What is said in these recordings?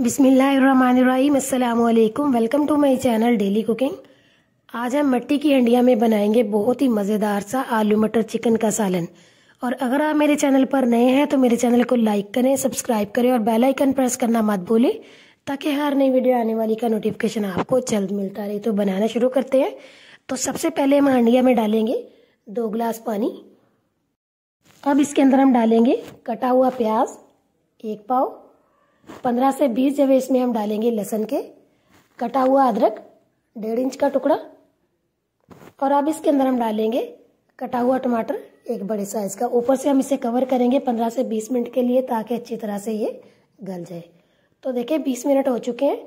बिसमीम welcome to my channel daily cooking आज हम मट्टी की हंडिया में बनाएंगे बहुत ही मज़ेदार सा आलू मटर चिकन का सालन और अगर आप मेरे चैनल पर नए हैं तो मेरे चैनल को लाइक करें सब्सक्राइब करें और बेल आइकन प्रेस करना मत भूलें ताकि हर नई वीडियो आने वाली का नोटिफिकेशन आपको जल्द मिलता रहे तो बनाना शुरू करते हैं तो सबसे पहले हम हंडिया में डालेंगे दो गिलास पानी अब इसके अंदर हम डालेंगे कटा हुआ प्याज एक पाव पंद्रह से बीस जब इसमें हम डालेंगे लहसन के कटा हुआ अदरक डेढ़ इंच का टुकड़ा और अब इसके अंदर हम डालेंगे कटा हुआ टमाटर एक बड़े साइज का ऊपर से हम इसे कवर करेंगे पंद्रह से बीस मिनट के लिए ताकि अच्छी तरह से ये गल जाए तो देखिए बीस मिनट हो चुके हैं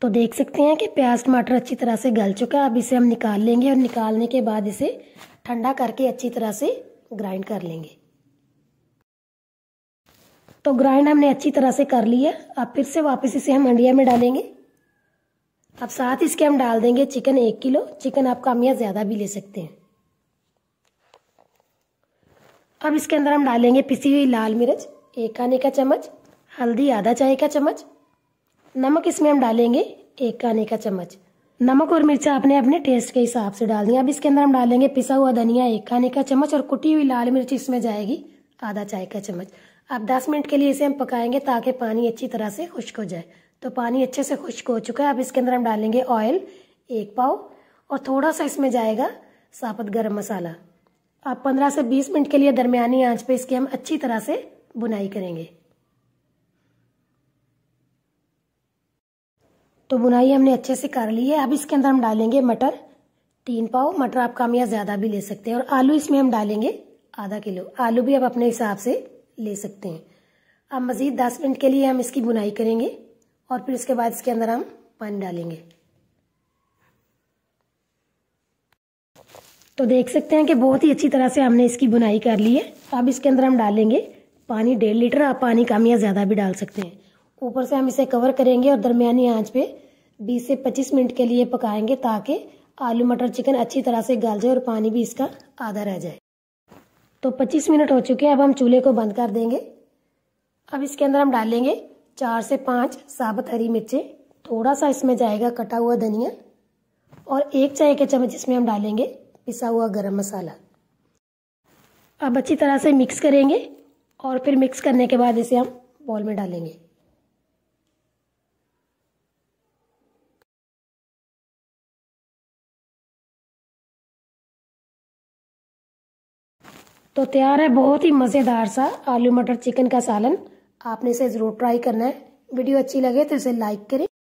तो देख सकते हैं कि प्याज टमाटर अच्छी तरह से गल चुका है अब इसे हम निकाल लेंगे और निकालने के बाद इसे ठंडा करके अच्छी तरह से ग्राइंड कर लेंगे तो ग्राइंड हमने अच्छी तरह से कर ली है अब फिर से वापस इसे हम हंडिया में डालेंगे अब साथ इसके हम डाल देंगे चिकन एक किलो चिकन आप या ज़्यादा भी ले सकते हैं अब इसके अंदर हम डालेंगे पिसी हुई लाल मिर्च एक आने का चम्मच हल्दी आधा चाय का चम्मच नमक इसमें हम डालेंगे एक आने का चम्मच नमक और मिर्चा आपने अपने टेस्ट के हिसाब से डाल दिया अब इसके अंदर हम डालेंगे पिसा हुआ धनिया एक आने का चम्मच और कुटी हुई लाल मिर्च इसमें जाएगी आधा चाय का चम्मच अब 10 मिनट के लिए इसे हम पकाएंगे ताकि पानी अच्छी तरह से खुश्क हो जाए तो पानी अच्छे से खुश्क हो चुका है अब इसके अंदर हम डालेंगे ऑयल एक पाव और थोड़ा सा इसमें जाएगा साबुत गर्म मसाला अब 15 से 20 मिनट के लिए दरमियानी आंच पे इसकी हम अच्छी तरह से बुनाई करेंगे तो बुनाई हमने अच्छे से कर ली है अब इसके अंदर हम डालेंगे मटर तीन पाव मटर आप या ज़्यादा भी ले सकते हैं और आलू इसमें हम डालेंगे आधा किलो आलू भी आप अपने हिसाब से ले सकते हैं अब मज़ीद दस मिनट के लिए हम इसकी बुनाई करेंगे और फिर इसके बाद इसके अंदर हम पानी डालेंगे तो देख सकते हैं कि बहुत ही अच्छी तरह से हमने इसकी बुनाई कर ली है अब इसके अंदर हम डालेंगे पानी डेढ़ लीटर आप पानी कम या ज़्यादा भी डाल सकते हैं ऊपर से हम इसे कवर करेंगे और दरमियानी आंच पे 20 से 25 मिनट के लिए पकाएंगे ताकि आलू मटर चिकन अच्छी तरह से गल जाए और पानी भी इसका आधा रह जाए तो 25 मिनट हो चुके हैं अब हम चूल्हे को बंद कर देंगे अब इसके अंदर हम डालेंगे चार से पाँच साबुत हरी मिर्चें थोड़ा सा इसमें जाएगा कटा हुआ धनिया और एक चाय के चम्मच इसमें हम डालेंगे पिसा हुआ गरम मसाला अब अच्छी तरह से मिक्स करेंगे और फिर मिक्स करने के बाद इसे हम बॉल में डालेंगे तो तैयार है बहुत ही मज़ेदार सा आलू मटर चिकन का सालन आपने इसे ज़रूर ट्राई करना है वीडियो अच्छी लगे तो इसे लाइक करें